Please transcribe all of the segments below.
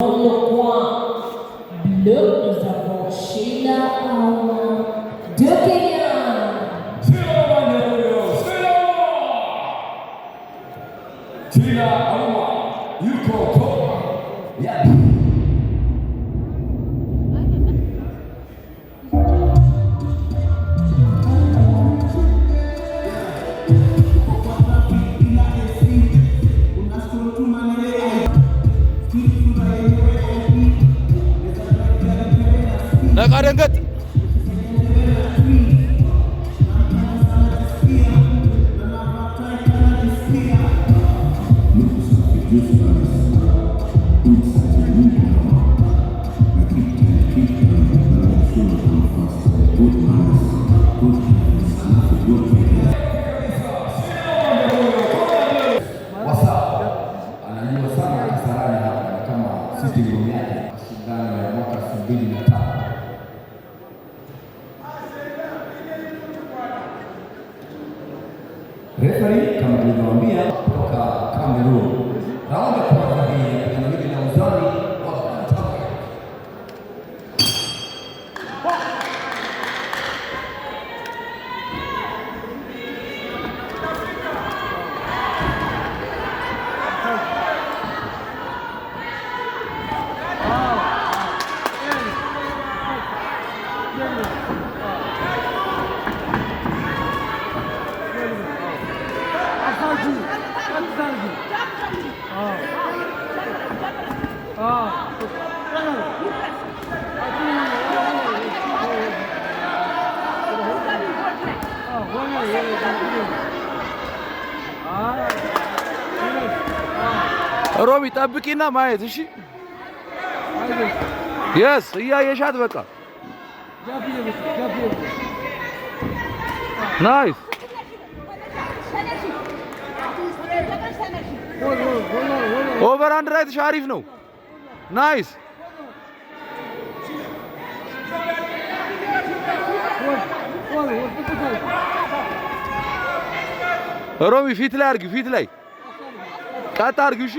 Look what, look is a bullshit. ሮሚ ጠብቂና ማየት። እሺ፣ የስ እያየሻት በቃ ናይስ። ኦቨር አንድ ራይትሽ አሪፍ ነው። Nice. ሮሚ ፊት ላይ አርግ፣ ፊት ላይ ቀጥ አርግ። እሺ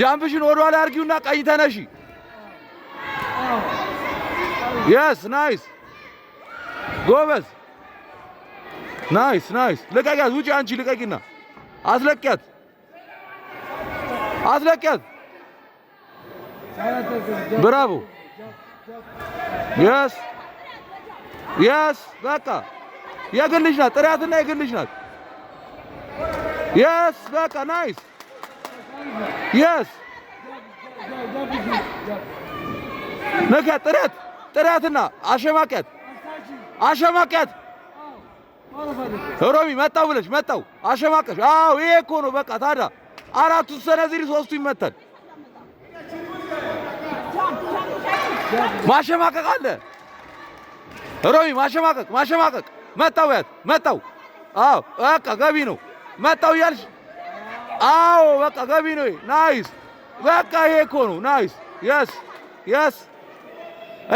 ጃምፕሽን ወደ ኋላ አርጊውና ቀይ ተነሺ። የስ ናይስ፣ ጎበዝ ናይስ ናይስ። ልቀቂያት፣ ውጪ አንቺ ልቀቂና፣ አስለቂያት፣ አስለቂያት። ብራቮ! የስ የስ። በቃ የግልሽ ናት፣ ጥሪያትና የግልሽ ናት። የስ በቃ ናይስ። የስ ነካ፣ ጥሪያት፣ ጥሪያትና አሸማቂያት፣ አሸማቂያት ሮሚ መጣው ብለሽ መጣው አሸማቀሽ። አዎ ይሄ እኮ ነው በቃ። ታዲያ አራቱ ሰነዝሪ ሶስቱ ይመታል። ማሸማቀቅ አለ ሮሚ፣ ማሸማቀቅ ማሸማቀቅ። መጣው ያት መጣው። አዎ በቃ ገቢ ነው። መጣው እያልሽ አዎ በቃ ገቢ ነው። ናይስ በቃ ይሄ እኮ ነው ናይስ። የስ የስ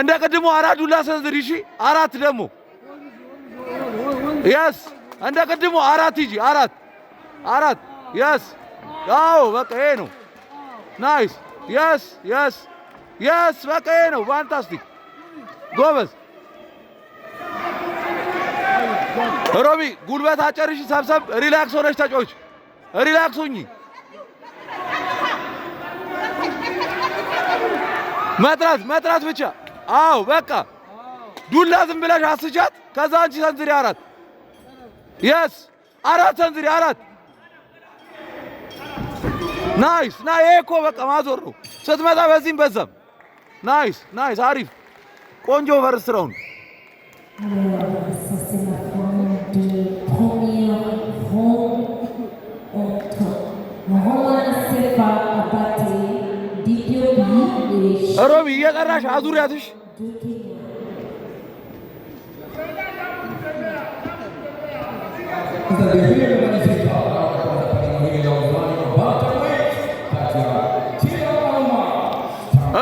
እንደ ቅድሞ አራት ዱላ ሰንዝሪ። እሺ አራት ደግሞ የስ እንደ ቅድሞ አራት ይጂ አራት አራት የስ አዎ በቃ ይሄ ነው ናይስ የስ የስ የስ በቃ ይሄ ነው ፋንታስቲክ ጎበዝ ሮቢ ጉልበት አጨርሽ ሰብሰብ ሪላክስ ሆነሽ ተጫዎች ሪላክስ ሁኚ መጥራት መጥራት ብቻ አዎ በቃ ዱላ ዝም ብለሽ አስቻት ከዛ አንቺ ሰንዝሪ አራት Yes. Arat andri arat. Nice. Na eko kamazorro. Sadmada vezim bezam. Nice. Nice. Arif. Konjo first round. Robi, ya kardeş, azur yatış.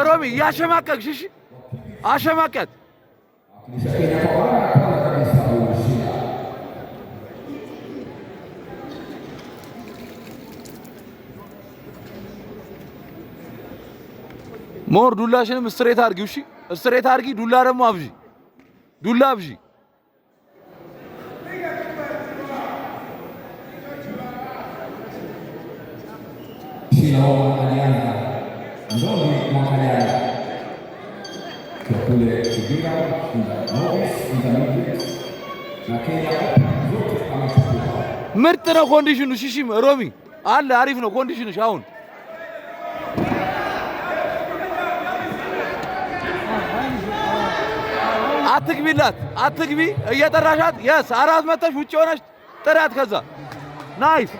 ሮሚ ያሸማቀቅሽ እሺ፣ አሸማቀቅ ሞር ዱላሽንም ስትሬት አድርጊው። እሺ፣ ስትሬት አድርጊ። ዱላ ደግሞ አብዢ፣ ዱላ አብዢ mkoa Manyara, Lori Makanyara, kule Kibira na Kenya zote ምርጥ ነው ኮንዲሽኑ። ሽሽም ሮሚ አለ አሪፍ ነው ኮንዲሽኑ አሁን አትግቢላት፣ አትግቢ እየጠራሻት። የስ አራት መተሽ ውጭ የሆነች ጥሪያት። ከዛ ናይስ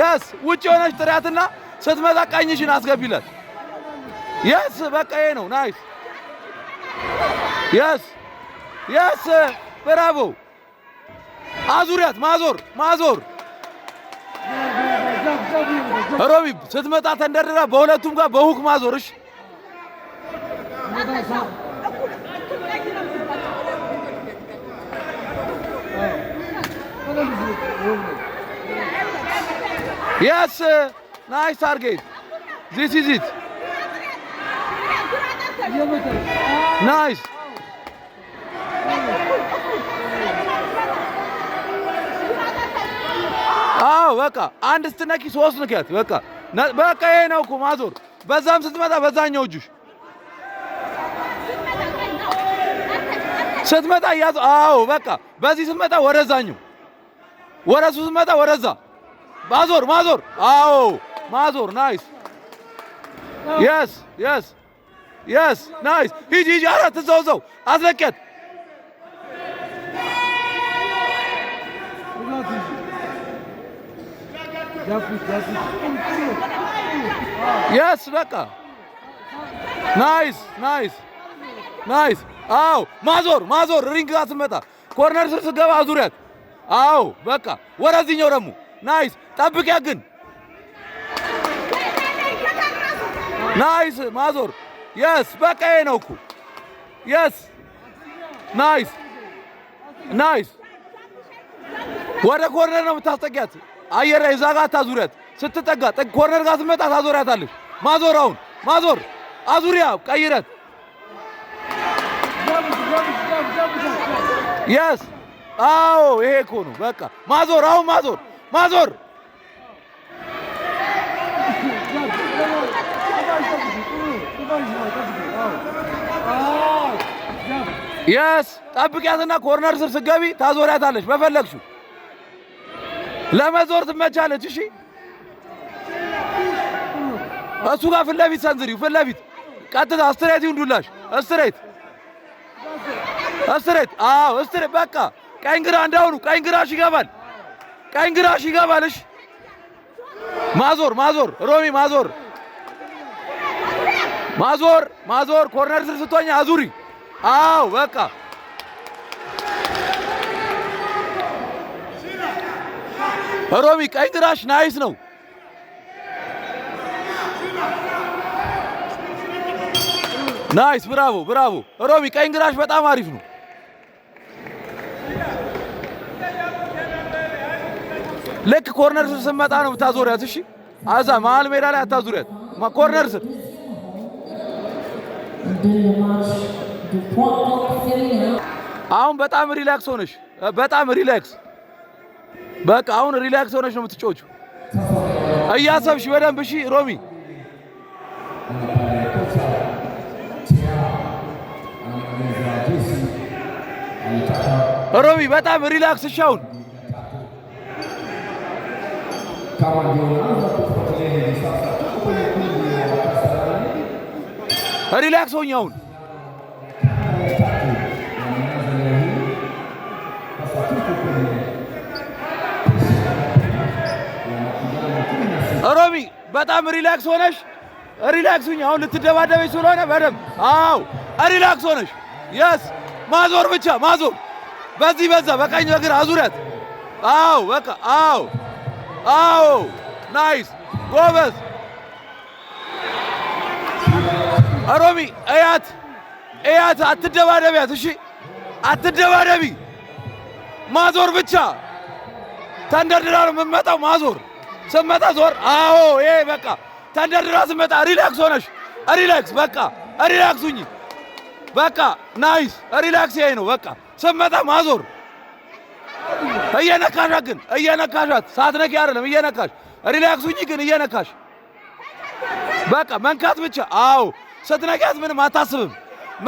የስ ውጭ የሆነች ጥሪያትና ስትመጣ ቀኝሽን አስገቢላት። የስ በቃ ይሄ ነው። ናይስ የስ የስ ብራቮ። አዙሪያት። ማዞር ማዞር። ሮቢብ ስትመጣ ተንደርድራ በሁለቱም ጋር በሁክ ማዞር። እሺ የስ ናይስ ታርጌት ዚስ ኢዝ ኢት ናይስ አዎ በቃ አንድ ስትነኪ ሶስት ንኪያት በቃ በቃ ይሄ ነው እኮ ማዞር በዛም ስትመጣ በዛኛው እጁሽ ስትመጣ እያዞ አዎ በቃ በዚህ ስትመጣ ወደዛኛው ወደሱ ስትመጣ ወደዛ ማዞር ማዞር አዎ ማዞር ናይስ የስ የስ የስ ናይስ ሂጂ ሂጂ አራት እዛው እዛው አስለቀት የስ በቃ ናይስ ናይስ ናይስ አዎ ማዞር ማዞር ሪንግ ጋር ስትመጣ ኮርነር ስር ስትገባ አዙሪያት አዎ በቃ ወደዚህኛው ደግሞ ናይስ ጠብቂያ ግን ናይስ ማዞር የስ በቀዬ ነው እኮ የስ ናይስ ናይስ። ወደ ኮርነር ነው የምታስጠጊያት። አየር እዛ ጋ አታዙሪያት። ስትጠጋ ኮርነር ጋር ስትመጣ ታዞሪያታለሽ። ማዞር አሁን ማዞር አዙሪያ ቀይረት የስ አዎ ይሄ እኮ ነው በቃ ማዞር አሁን ማዞር ማዞር የስ ጠብቂያትና ኮርነር ስር ስገቢ ታዞሪያታለች። በፈለግሽው ለመዞር ትመቻለች። እሺ እሱ ጋር ፊት ለፊት ሰንዝሪው። ፊት ለፊት ቀጥታ ስትሬት ይሁንዱላሽ። ስትሬት ስትሬት። አዎ ስትሬት። በቃ ቀኝ ግራ እንዳሁኑ ቀኝ ግራሽ ይገባል። ቀኝ ግራሽ ይገባል። እሺ ማዞር ማዞር፣ ሮሚ ማዞር ማዞር ማዞር። ኮርነር ስር ስትሆኝ አዙሪ አዎ በቃ ሮሚ ቀኝ ድራሽ ናይስ ነው። ናይስ ብራቮ ብራቮ ሮሚ ቀኝ ግራሽ በጣም አሪፍ ነው። ልክ ኮርነር ስር ስትመጣ ነው ብታዞሪያት። እሺ አዛ መሀል ሜዳ ላይ አታዙሪያት። ኮርነር ስር አሁን በጣም ሪላክስ ሆነሽ በጣም ሪላክስ በቃ አሁን ሪላክስ ሆነሽ ነው የምትጮቹ። እያሰብሽ በደንብ እሺ ሮሚ ሮሚ በጣም ሪላክስ ሻውን ሪላክስ ሆኜ አሁን በጣም ሪላክስ ሆነሽ ሪላክስ ሁኝ። አሁን ልትደባደበች ስለሆነ በደምብ አዎ፣ ሪላክስ ሆነሽ የስ ማዞር ብቻ ማዞር፣ በዚህ በዛ፣ በቀኝ በግራ አዙረት። አዎ፣ በቃ አዎ፣ አዎ፣ ናይስ ጎበዝ። ሮሚ እያት እያት፣ አትደባደቢያት። እሺ አትደባደቢ፣ ማዞር ብቻ። ተንደርድራ ነው የምትመጣው። ማዞር ስመጣ ዞር። አዎ ይሄ በቃ ተንደርድራ ስመጣ ሪላክስ ሆነሽ ሪላክስ በቃ ሪላክስ በቃ ናይስ ሪላክስ። ይሄ ነው በቃ ስመጣ ማዞር እየነካሻት ግን እየነካሻት ሳትነኪ አይደለም እየነካሽ ሪላክሱኝ ግን እየነካሽ በቃ መንካት ብቻ። አዎ ስትነኪያት ምንም አታስብም።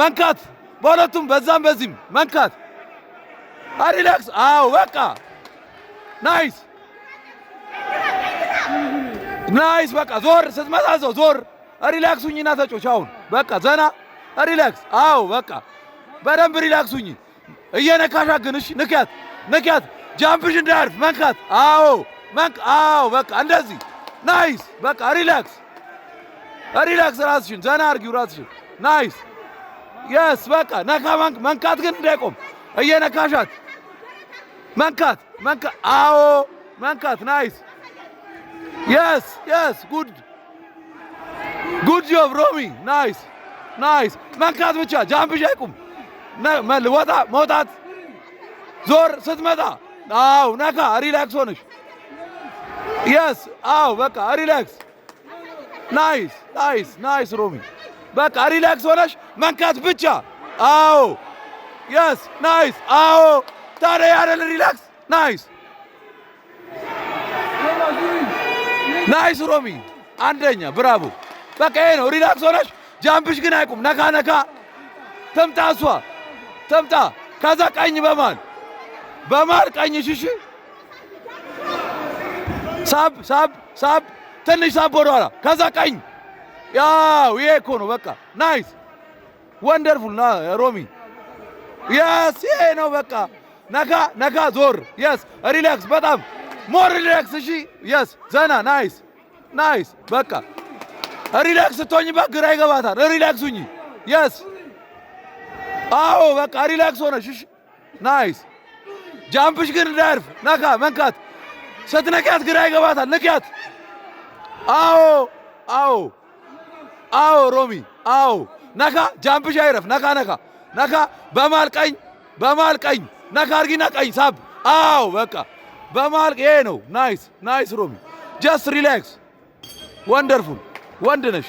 መንካት በሁለቱም በዛም በዚህም መንካት ሪላክስ። አዎ በቃ ናይስ ናይስ። በቃ ዞር ስትመጣ ሰው ዞር ሪላክሱኝና ተጮች። አሁን በቃ ዘና ሪላክስ። አዎ በቃ በደንብ ሪላክሱኝ። እየነካሻ ግን እሺ፣ ንኪያት፣ ንክያት ጃምፕሽ እንዳያርፍ መንካት። አዎ መንክ አዎ በቃ እንደዚህ ናይስ። በቃ ሪላክስ፣ ሪላክስ። ራስሽን ዘና አርጊው ራስሽን። ናይስ የስ በቃ ነካ መንካት ግን እንዳይቆም እየነካሻት መንካት መንካት አዎ መንካት ናይስ የስ የስ good. Good job, Romy. Nice. Nice. መንካት ብቻ ጃምፕሽ አይቁም። ወጣ መውጣት፣ ዞር ስትመጣ። አዎ ነካ፣ ሪላክስ ሆነሽ። የስ አዎ፣ በቃ ሪላክስ። ናይስ ናይስ ናይስ ሮሚ፣ በቃ ሪላክስ ሆነሽ መንካት ብቻ። አዎ የስ ናይስ። አዎ ታዲያ ያለን ሪላክስ ናይስ ናይስ ሮሚ፣ አንደኛ ብራቮ። በቃ ይሄ ነው። ሪላክስ ሆነሽ ጃምፕሽ ግን አይቁም። ነካ ነካ ትምጣ፣ እሷ ትምጣ። ከዛ ቀኝ በማል በማል ቀኝ ሽሽ ሳብ ሳብ ሳብ ትንሽ ሳብ ወደኋላ፣ ከዛ ቀኝ። ያው ይሄ እኮ ነው በቃ። ናይስ ወንደርፉል ሮሚ። የስ ይሄ ነው በቃ። ነካ ነካ ዞር። የስ ሪላክስ በጣም ሞር ሪላክስ። እሺ፣ የስ ዘና፣ ናይስ ናይስ። በቃ ሪላክስ ስትሆኝባት ግራ ይገባታል። ሪላክስ ሁኚ። የስ አዎ፣ በቃ ሪላክስ ሆነሽ። እሺ፣ ናይስ። ጃምፕሽ ግን እንዳያርፍ ነካ መንካት። ስትነኪያት ግራ ይገባታል። ንኪያት። አዎ፣ አዎ፣ አዎ፣ ሮሚ፣ አዎ። ነካ ጃምፕሽ አይረፍ። ነካ ነካ ነካ። በማል ቀኝ፣ በማል ቀኝ ነካ አርጊና ቀኝ ሳብ። አዎ፣ በቃ በመሃል ይሄ ነው። ናይስ ናይስ ሮሚ ጀስት ሪላክስ ወንደርፉል ወንድ ነሽ።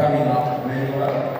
Coming up very well.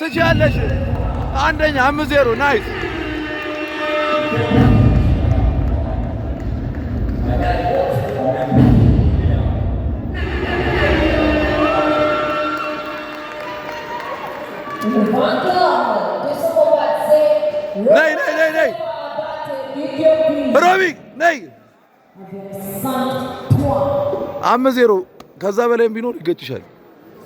ትችያለሽ። አንደኛ አምስት ዜሮ ናይስ። ነይ ነይ ነይ ነይ ሮቢ ነይ። አምስት ዜሮ ከዛ በላይም ቢኖር ይገጭሻል።